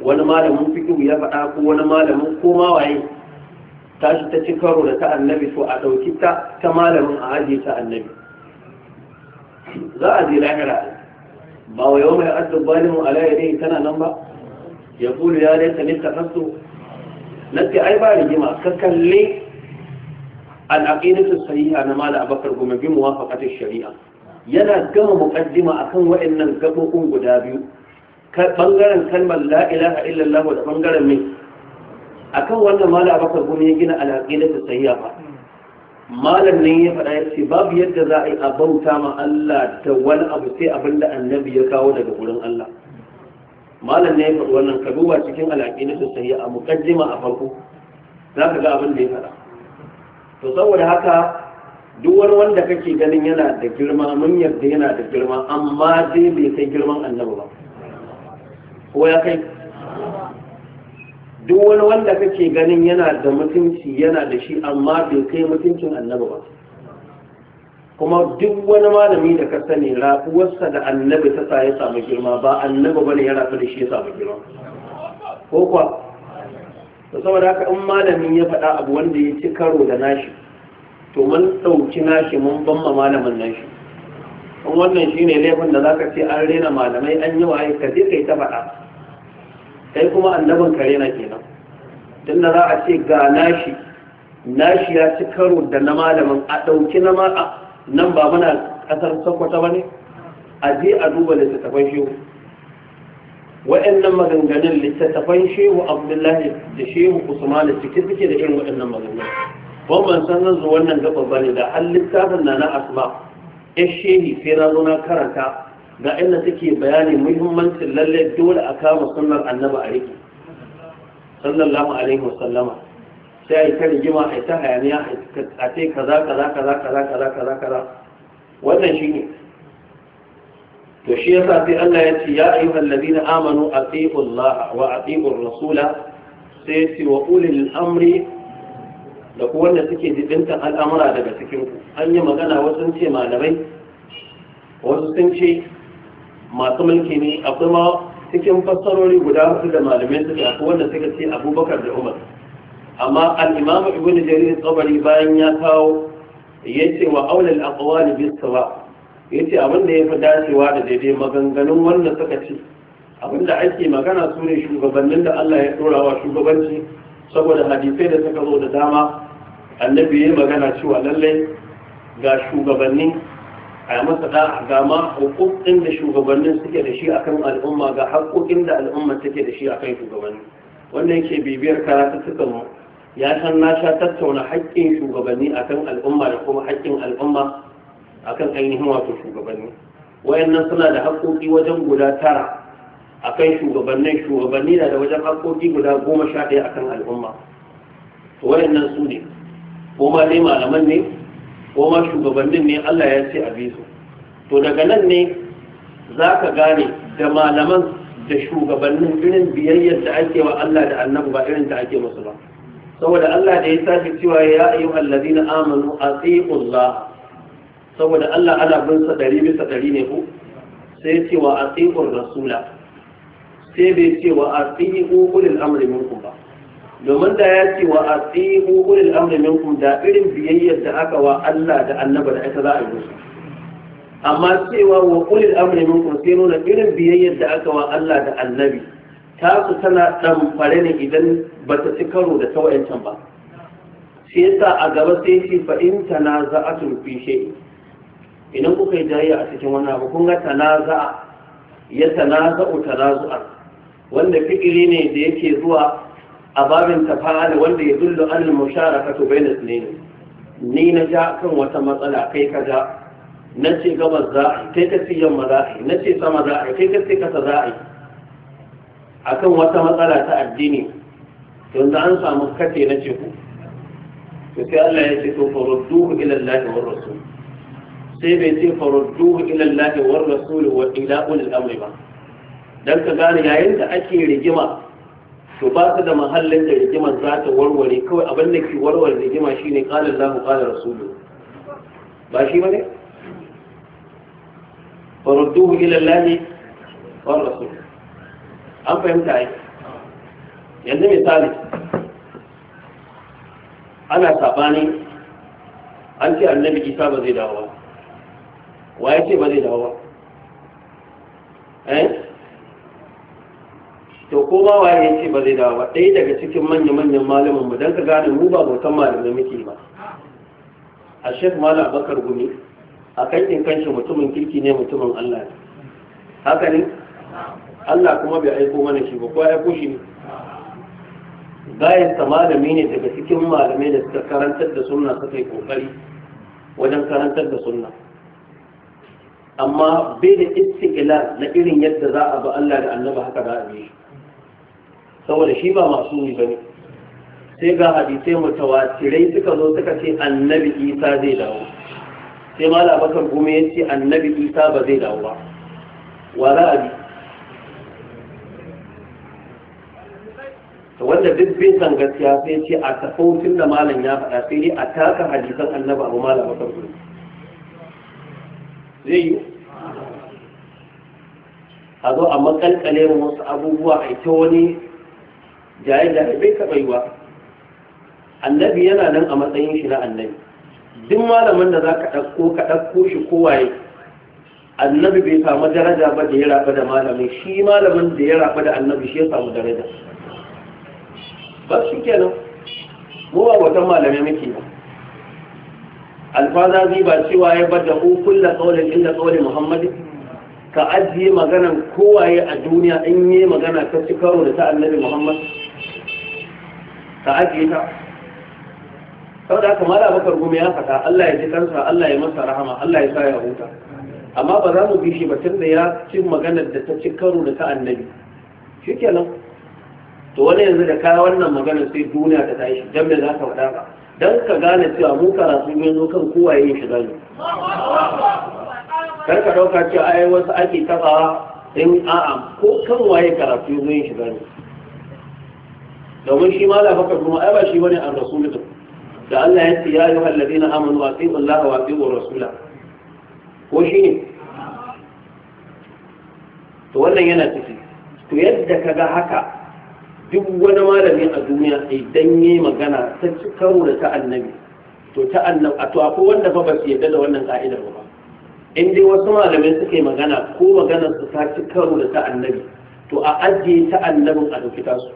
wani malamin fikihu ya faɗa ko wani malamin koma waye tashi ta ci karo da ta annabi to a ɗauki ta ta malamin a ajiye ta annabi za a je lahira ba wa yau mai addu zalimu ala yadayhi kana nan ba ya kulu ya laita ni Na ce ai ba rigima ka kalle al-aqidatu sahiha na mala abakar goma bi muwafaqati shari'a yana gama muqaddima akan wa'annan gabobin guda biyu ka bangaren kalmar la ilaha illallah da bangaren mai akan wannan mala abakar goma ya gina al-aqidatu sahiha ba malam nan ya faɗa ya ce babu yadda za a yi a bauta ma Allah da wani abu sai abin da annabi ya kawo daga wurin Allah malam ne ya faɗa wannan ka duba cikin alaƙini su sahiya a muqaddima a farko za ka ga abin da ya faɗa to saboda haka duk wani wanda kake ganin yana da girma mun yarda yana da girma amma dai bai kai girman annabi ba ko ya kai duk wani wanda kake ganin yana da mutunci yana da shi amma bai kai mutuncin annabi ba kuma duk wani malami da ka sani rafuwarsa da annabi ta sa ya samu girma ba annabi bane ya rafu da shi ya samu girma ko kuwa to saboda haka in malamin ya faɗa abu wanda ya ci karo da nashi to mun ɗauki nashi mun bamma malamin nashi in wannan shine laifin da zaka ce an rena malamai an yi wa ka je kai ta faɗa kai kuma annabin kare na kenan tun da za a ce ga nashi nashi ya ci karo da na malamin a ɗauki na ma'a nan ba muna ƙasar sokoto ba ne a je a duba littattafan shehu waɗannan maganganun littattafan shehu abdullahi da shehu usmanu ciki suke da irin waɗannan maganganun ban ban san zan zo wannan gaba ba ne da har littafin na na asma ya shehi sai na zo na karanta ga inda take bayani muhimmancin lalle dole a kama sunnar annaba a riki sallallahu alaihi wasallama sai ai ta rigima ai ta hayaniya a ce kaza kaza kaza kaza kaza kaza kaza wannan shine to shi yasa sai Allah ya ce ya ayyuhal ladina amanu atiqu Allah wa atiqu rasula sai ce wa ulil amri da ku wanda suke jibintan al'amura daga cikin ku an yi magana wasu sun ce malamai wasu sun ce masu mulki ne akwai ma cikin fassarori guda hudu da malamai suke akwai wanda suka ce abubakar da umar amma al-imam ibn jarir tsabari bayan ya kawo ce wa aulal aqwali bis sawa yace abin da yafi dacewa da daidai maganganun wanda suka ce abin da ake magana su ne shugabannin da Allah ya dora wa shugabanci saboda hadisai da suka zo da dama annabi ya magana cewa lallai ga shugabanni a yi masa da ga ma hukukin da shugabannin suke da shi a kan al'umma ga haƙoƙin da al'umma take da shi a kan shugabanni wannan yake bibiyar karatu karatuttukan mu ya san na sha tattauna haƙƙin shugabanni akan al'umma da kuma haƙƙin al'umma akan ainihin wato shugabanni wayannan suna da haƙoƙi wajen guda tara a kan shugabannin shugabanni na da wajen haƙoƙi guda goma sha ɗaya kan al'umma wayannan su ne ko ma dai malaman ne ko ma shugabannin ne Allah ya ce a bi su to daga nan ne za ka gane da malaman da shugabannin irin biyayyar da ake wa Allah da annabi ba irin da ake musu ba saboda Allah da ya sake cewa ya ayyu allazina amanu atiqullah saboda Allah ana bin sa ɗari bisa ɗari ne ko sai ya ce wa atiqur rasula sai bai ce wa atiqu ulil amri minkum domin da ya ce wa asihu ulil amri minkum da irin biyayyar da aka wa Allah da annaba da aka za a yi musu amma cewa wa ulil amri minkum sai nuna irin biyayyar da aka wa Allah da annabi ta su tana dan fare ne idan ba ta ci karo da ta wayancan ba shi yasa a gaba sai shi fa in tanaza'atun fi shay'in idan kuka yi jayya a cikin wani abu kun ga tanaza'a ya tanaza'u tanazu'a wanda fikiri ne da yake zuwa a babin tafa'ala wanda ya dullu an musharaka to bai ne ni na ja kan wata matsala kai ka ja na ce gabas za a yi kai ka ce yamma za a yi na ce sama za a yi kai ka ce kasa za a yi a kan wata matsala ta addini yanzu an samu kace na ce ku to sai Allah ya ce to farudduhu ila Allah wa rasul sai bai ce farudduhu ila Allah wa rasul wa ila ulil amri ba dan ka gane yayin da ake rigima to ba su da mahallin da rigimar za ta warware kawai abin da ke warware rigima shine qala Allahu qala rasulu ba shi bane farudduhu ila Allah wa rasul an fahimta ai yanzu misali ana sabani an ce annabi Isa ba zai dawo ba wa ya ce ba zai dawo ba eh ko ba waye ya ce ba zai dawo ba ɗaya daga cikin manya-manyan malamin mu don ka gane mu ba bautan malamai muke ba a shek malam bakar gumi a kankin kanshi mutumin kirki ne mutumin allah ne haka ne allah kuma bai aiko mana shi ba ko ya shi ne gayan malami ne daga cikin malamai da suka karantar da sunna suka yi kokari wajen karantar da sunna amma bai da istiqlal na irin yadda za a ba Allah da annaba haka za a yi saboda shi ba masu ba ne sai ga hadisai mutawatirai suka zo suka ce annabi isa zai dawo sai ma labakar gume ya ce annabi isa ba zai dawo ba wa za a bi wanda duk bin san gaskiya sai ce a tafautin da malam ya faɗa sai dai a taka hadisan annabi abu malam bakar gume zai yi a zo a makalkale wasu abubuwa a ita wani jaye da bai taɓa yi wa annabi yana nan a matsayin shi na annabi duk malamin da za ka ɗauko ka ɗauko shi kowaye annabi bai samu daraja ba da ya rafa da malamin shi malamin da ya rafa da annabi shi ya samu daraja ba shi kenan mu ba wata malami muke ba alfaza zai ba cewa ya bada ku kulla tsaunin inda tsaunin muhammadin ka ajiye maganan kowaye a duniya in yi magana ta ci karo da ta annabi muhammad ka ajiye ta aka haka mala bakar gumi ya fata, Allah ya ji kansa Allah ya masa rahama Allah ya sa ya huta amma ba za mu bi shi ba tun da ya cin maganar da ta ci karo da ta annabi nan to wani yanzu da kaya wannan maganar sai duniya ta tashi don me za ka faɗa ba dan ka gane cewa mu karatu mun zo kan kowa yin shiga ne kar ka dauka cewa ai wasu ake tabawa in a'a ko kan waye karatu zo yin shiga ne domin shi ma la baka kuma ai ba shi bane an rasulun da Allah ya ce ya ayyuhal ladina amanu wa atiiu Allah wa atiiu rasula ko shi ne to wannan yana ciki to yadda kaga haka duk wani malami a duniya idan yi magana ta karo da ta annabi to ta annabi a to akwai wanda fa ba su yadda da wannan ka'idar ba in dai wasu malamai suka yi magana ko maganar su ta ci karo da ta annabi to a ajiye ta annabin a dauki tasu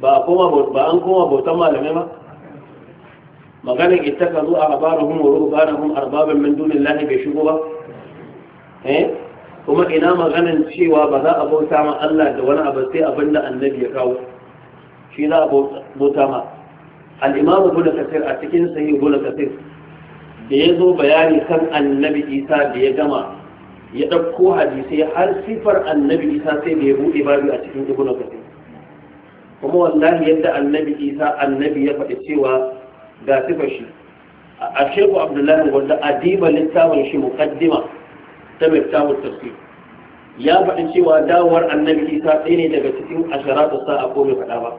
ba an koma bautan malamai ba maganin ittaka zuwa ba wa hun arbabin min lahi bai shigo ba eh kuma ina maganin cewa ba za a bauta ma Allah da wani abu sai abin da annabi ya kawo shi za a bauta ma al'imamu imam kasir a cikin sahi ibn kasir da ya zo bayani kan annabi isa da ya gama ya ɗauko hadisai har sifar annabi isa sai da ya buɗe babu a cikin ibnu kasir kuma wallahi yadda annabi isa annabi ya faɗi cewa ga sifar shi a sheku abdullahi wanda adiba littafin shi muqaddima ta miftahu tafsir ya faɗi cewa dawowar annabi isa ɗaya ne daga cikin asharatu sa'a ko bai faɗa ba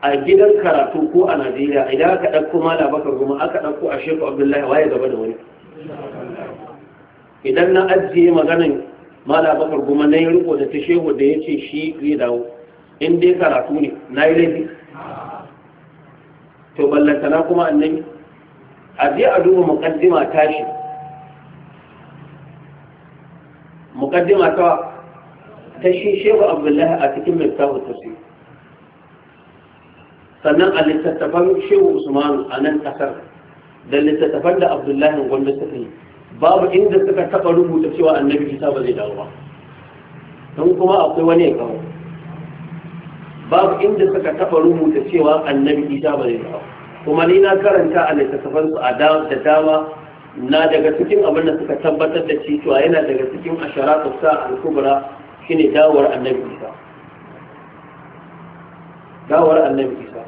a gidan karatu ko a najeriya idan aka ɗauko mala bakar goma, aka ɗauko a sheku abdullahi waye gaba da wani idan na ajiye maganin mala bakar goma, na yi riko da ta shehu da ya ce shi ya dawo in dai karatu ne na yi laifi to ballantana kuma annabi a je a duba muqaddima tashi muqaddima ta ta shi shehu abdullahi a cikin miftahu tafsir sannan a littattafan shehu usman a nan kasar da littattafan da abdullahi gwamna suka yi babu inda suka taɓa rubuta cewa annabi isa ba zai dawo ba don kuma akwai wani ya kawo babu inda suka taɓa rubuta cewa annabi isa ba zai dawo kuma ni na karanta a littattafan su a da dama na daga cikin abin da suka tabbatar da cewa yana daga cikin asharatu sa al-kubra shine dawar annabi isa annabi isa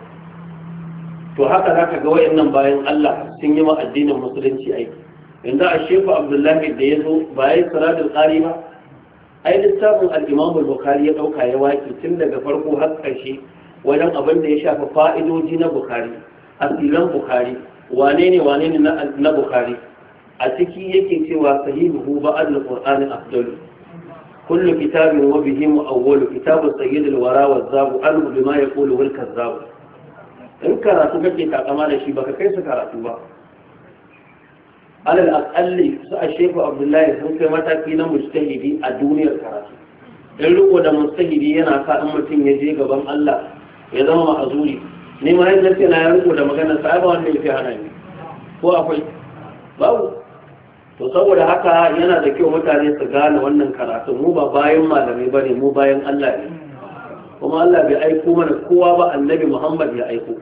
to haka zaka ga wayannan bayan Allah sun yi ma addinin musulunci aiki yanzu a shefu abdullahi da ya zo ba ya yi salatul qari ba ai littafin al-Imam bukhari ya dauka ya waki tun daga farko har ƙarshe wajen abin da ya shafa fa'idoji na Bukhari asilan Bukhari wane ne wane ne na Bukhari a ciki yake cewa sahihu ba al-Qur'an afdalu kullu kitabin wa bihi mu'awwalu kitabu sayyid al-wara wa zabu al bima yaqulu wal kazzab in karatu kake takama da shi baka kai su karatu ba alal akalli su a shefu abdullahi sun kai mataki na mustahidi a duniyar karatu in riko da mustahidi yana sa in mutum ya je gaban Allah ya zama ma'azuri ni ma yadda ce na ya riko da maganar sa ba wanda ya fi hana ni ko akwai babu to saboda haka yana da kyau mutane su gane wannan karatu mu ba bayan malamai ba ne mu bayan Allah ne kuma Allah bai aiko mana kowa ba annabi Muhammad ya aiko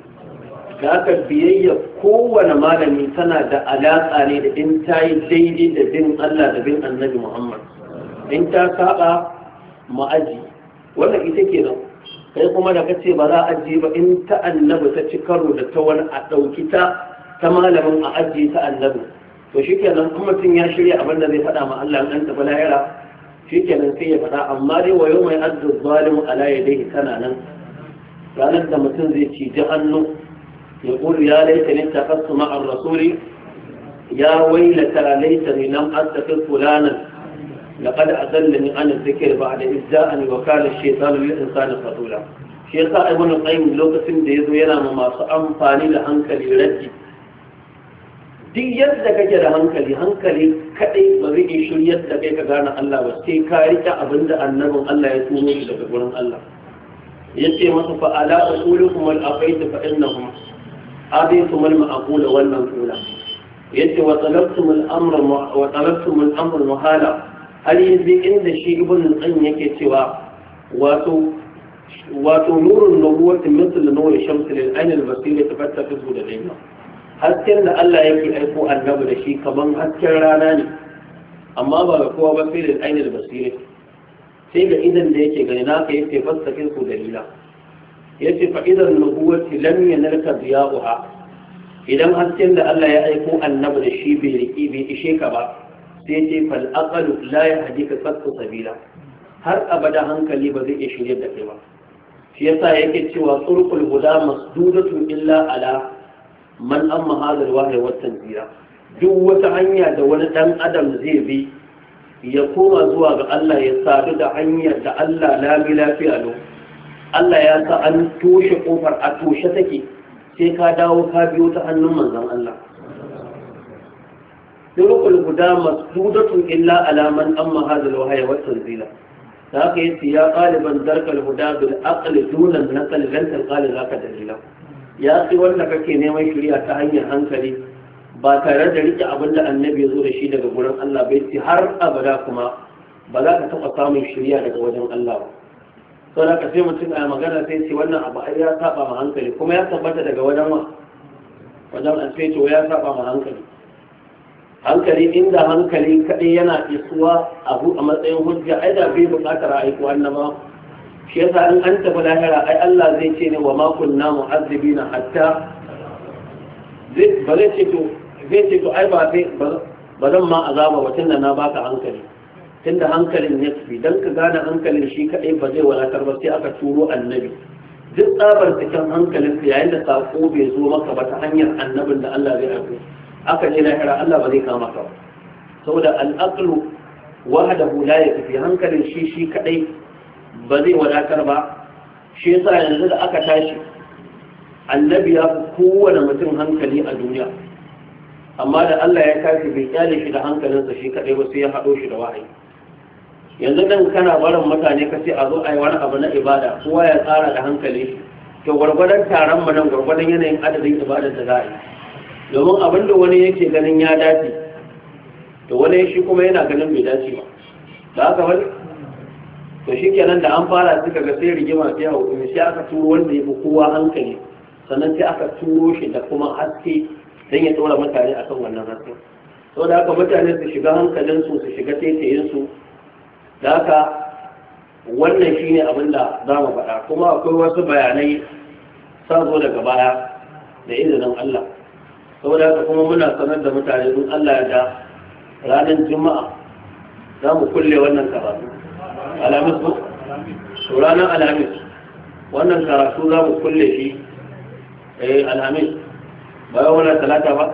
Ga haka biyayya kowane malami tana da alaƙa ne da in ta yi daidai da bin Allah da bin annabi Muhammad in ta saba ma'aji wannan ita ke nan kai kuma da kace ba za a ajiye ba in ta annabi ta ci karo da ta wani a ɗauki ta ta malamin a aji ta annabi to shi kenan in mutum ya shirya abin da zai faɗa ma Allah ɗan tafi lahira shi kenan sai ya faɗa amma dai wayo mai azzu zalimu ala yadayhi tana nan ranar da mutum zai ci ji hannu يقول يا ليتني اتخذت مع الرسول يا ويلتى ليتني لم اتخذ فلانا لقد اضلني عن الذكر بعد اذ جاءني وكان الشيطان للانسان خذولا shi yasa ibn qayyim lokacin da zo yana ma masu amfani da hankali raddi duk yadda kake da hankali hankali kadai ba zai shiryar da kai ka gane Allah ba sai ka rika abin da annabin Allah ya tsoro shi daga gurin Allah yace masa fa ala usulukum al aqaid أبيكم المعقول والمنقولة يد وطلبتم الأمر وطلبتم الأمر مهالا هل يدري إن شيء ابن القيم يكتوى واتو نور النبوة مثل نور الشمس للعين البصيرة تفتح في hasken da Allah ya fi aiko annabi da shi kaman hasken rana ne amma ba ga kowa ba fi da ainihin basire sai ga idon da yake gani na ka yi tefasta kinsu dalila ya ce fa'idar nubuwati lam yanalka ziya'uha idan hasken da Allah ya aiko annabi da shi bai riki bai ishe ka ba sai ce fal aqalu la yahdika qattu sabila har abada hankali ba zai iya shirye da kai ba shi yasa yake cewa tsurkul huda masdudatun illa ala man an hadha alwahyi wat tanzira duk wata hanya da wani ɗan adam zai bi ya koma zuwa ga Allah ya sadu da hanyar da Allah lami lafiya lokacin Allah ya sa an toshe kofar a toshe take sai ka dawo ka biyo ta hannun manzon Allah turukul guda masdudatun illa alaman amma hadal wahaya wa tanzila da haka yace ya qaliban darkal huda bil aql dunan naql lan taqal zaka dalila ya ce wanda kake neman shari'a ta hanyar hankali ba tare da rike abin da annabi ya zo da shi daga gurin Allah bai har abada kuma ba za ka taɓa samun shari'a daga wajen Allah ba sau da sai mutum a magana sai ce wannan abu ya saba ma hankali kuma ya tabbata daga wajen wa wajen an sai ya saba ma hankali hankali inda hankali kaɗai yana isuwa abu a matsayin hujja ai da bai buƙatar aiki wannan ma shi yasa in an tafi lahira ai Allah zai ce ne wa ma kunna mu'azzibina hatta zai ba zai ce to zai ce to ai ba zai ba zan ma azaba wacin da na baka hankali tunda hankalin ya tafi dan ka gane hankalin shi kaɗai ba zai wadatar ba sai aka turo annabi duk tsabar cikin hankalin yayin da sako bai zo maka ba ta hanyar annabin da Allah zai aiko aka ce je lahira Allah ba zai kama ka ba saboda al'aqlu wahdahu la yakfi hankalin shi shi kaɗai ba zai wadatar ba shi yasa yanzu da aka tashi annabi ya fi kowane mutum hankali a duniya amma da Allah ya kafi bai kyale shi da hankalinsa shi kaɗai ba sai ya haɗo shi da wahayi yanzu nan kana barin mutane ka ce a zo a yi wani abu na ibada kowa ya tsara da hankali to gwargwadon taron mu nan gwargwadon yanayin adadin ibadar da za a yi domin abin da wani yake ganin ya dace to wani shi kuma yana ganin bai dace ba da haka wani to shi kenan da an fara suka ga sai rigima ta a kuma sai aka turo wanda ya fi kowa hankali sannan sai aka turo shi da kuma haske don ya tsora mutane akan wannan haske saboda haka mutane su shiga hankalinsu su shiga taitayensu da haka wannan shine abin da za mu faɗa kuma akwai wasu bayanai sa zo daga baya da izinin Allah saboda haka kuma muna sanar da mutane in Allah ya da ranar juma'a za mu kulle wannan karatu alamis ko to ranar alamis wannan karatu za mu kulle shi eh alamis bayan wannan talata ba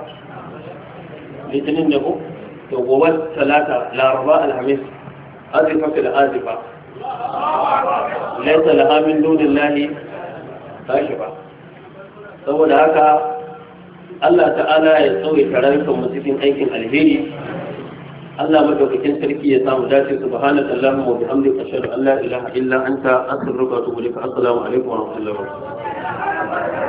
litinin da ko to gobe talata laraba alhamis azifa fil azifa laysa laha min dunillahi kashifa saboda haka Allah ta'ala ya tsawaita rayukan mu cikin aikin alheri Allah madaukakin sarki ya samu dace su subhanaka allahumma wa bihamdika ashhadu an la ilaha illa anta astaghfiruka wa atubu ilaik assalamu alaikum wa rahmatullahi wa barakatuh